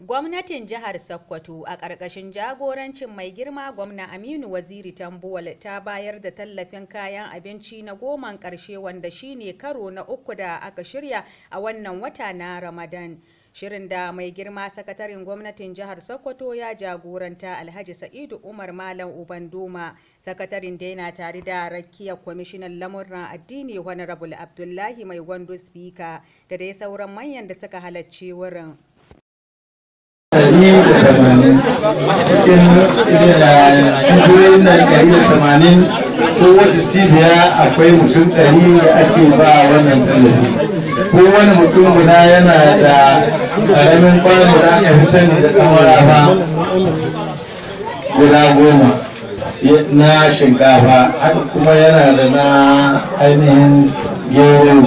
Gwamnatin jihar Sokoto a ƙarƙashin jagorancin mai girma gwamna Aminu Waziri Tambuwal ta bayar da tallafin kayan abinci na goman ƙarshe wanda shi ne karo na uku da aka shirya a wannan wata na Ramadan. Shirin da mai girma Sakatarin gwamnatin jihar Sokoto ya jagoranta Alhaji Sa'idu Umar Malam Uban Doma, sakatarin da yana tare da rakiyar kwamishinan lamurran addini rabul Abdullahi Mai Gwando Speaker da dai sauran manyan da suka halarci wurin. cikin cibiyoyin nan ɗari da tamanin ko wata cibiya akwai mutum ɗari da ake ba wannan tallafi Wani mutum guda yana da ƙaramin kwano da aka fi sani da kamarafa guda goma na shinkafa haka kuma yana da na ainihin gero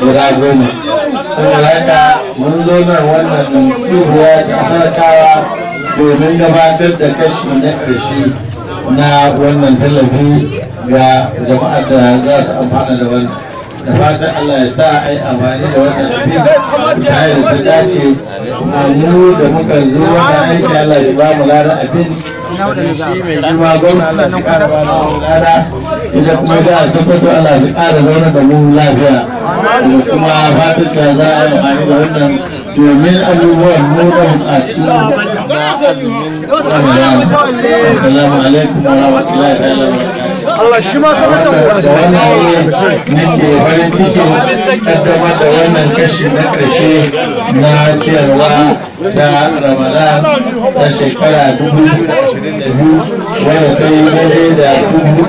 guda goma saboda haka mun zo nan wannan cibiya ta sarkawa domin gabatar da kashi na ƙarshe na wannan tallafi ga jama'a da za su amfana da wannan da fatan Allah ya sa ai amfani da wannan abin sai ta dace kuma mu da muka zo wannan aiki Allah ya ba mu a abin shi mai girma gwamna Allah shi ƙara ba mu lada idan kuma da sabato Allah ya ƙara zauna da mu lafiya kuma fatan cewa za a yi amfani da wannan domin abubuwan nuna a cikin Assalamu alaikum wa rahmatullahi ta'ala wa Allah shi ma sanar da wannan farin cikin kaddamar da wannan kashi na ƙarshe na ciyarwa ta Ramadan ta shekara dubu wanda ta yi daidai da dubu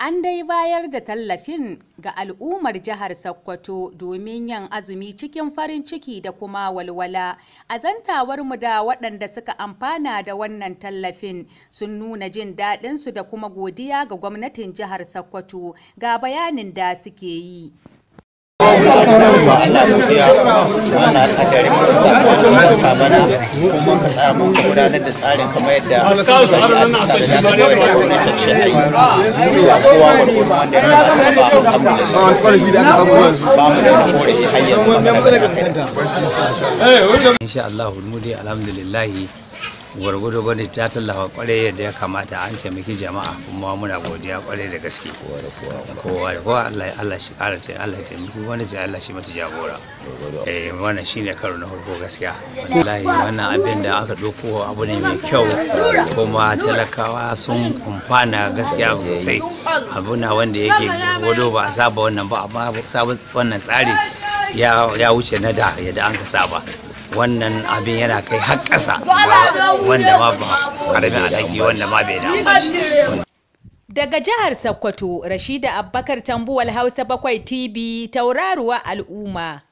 An dai bayar da tallafin ga al'ummar jihar Sokoto domin yin azumi cikin farin ciki da kuma walwala. A zantawar mu da waɗanda suka amfana da wannan tallafin sun nuna jin daɗinsu da kuma godiya ga gwamnatin jihar Sokoto ga bayanin da suke yi. ma Allah godiya da wannan al'adari mun samu sauka bana kuma ka tsaya mun gudanar da tsarin kamar yadda ta da ta koyar da gwamnatin shari'a ba kowa gwargwaro wanda ya kamata ba da Insha Allah, mu dai alhamdulillah gwargwado bane ta tallafa kwarai yadda ya kamata an taimaki jama'a kuma muna godiya kwarai da gaske kowa da kowa Allah shi kara ta Allah taimaki wani sai Allah shi mata jagora eh wannan shine karo na farko gaskiya wallahi wannan abin da aka doko abu ne mai kyau kuma talakawa sun kumfana gaskiya sosai abu na wanda yake gwargwado ba a saba wannan ba amma sabon wannan tsari ya wuce na da yadda an ka saba wannan abin yana kai har ƙasa wanda ma ba ƙaramin alhaki wanda ma bai da Daga jihar Sokoto, Rashida Abbakar Tambuwal Hausa bakwai TV, tauraruwa al'umma.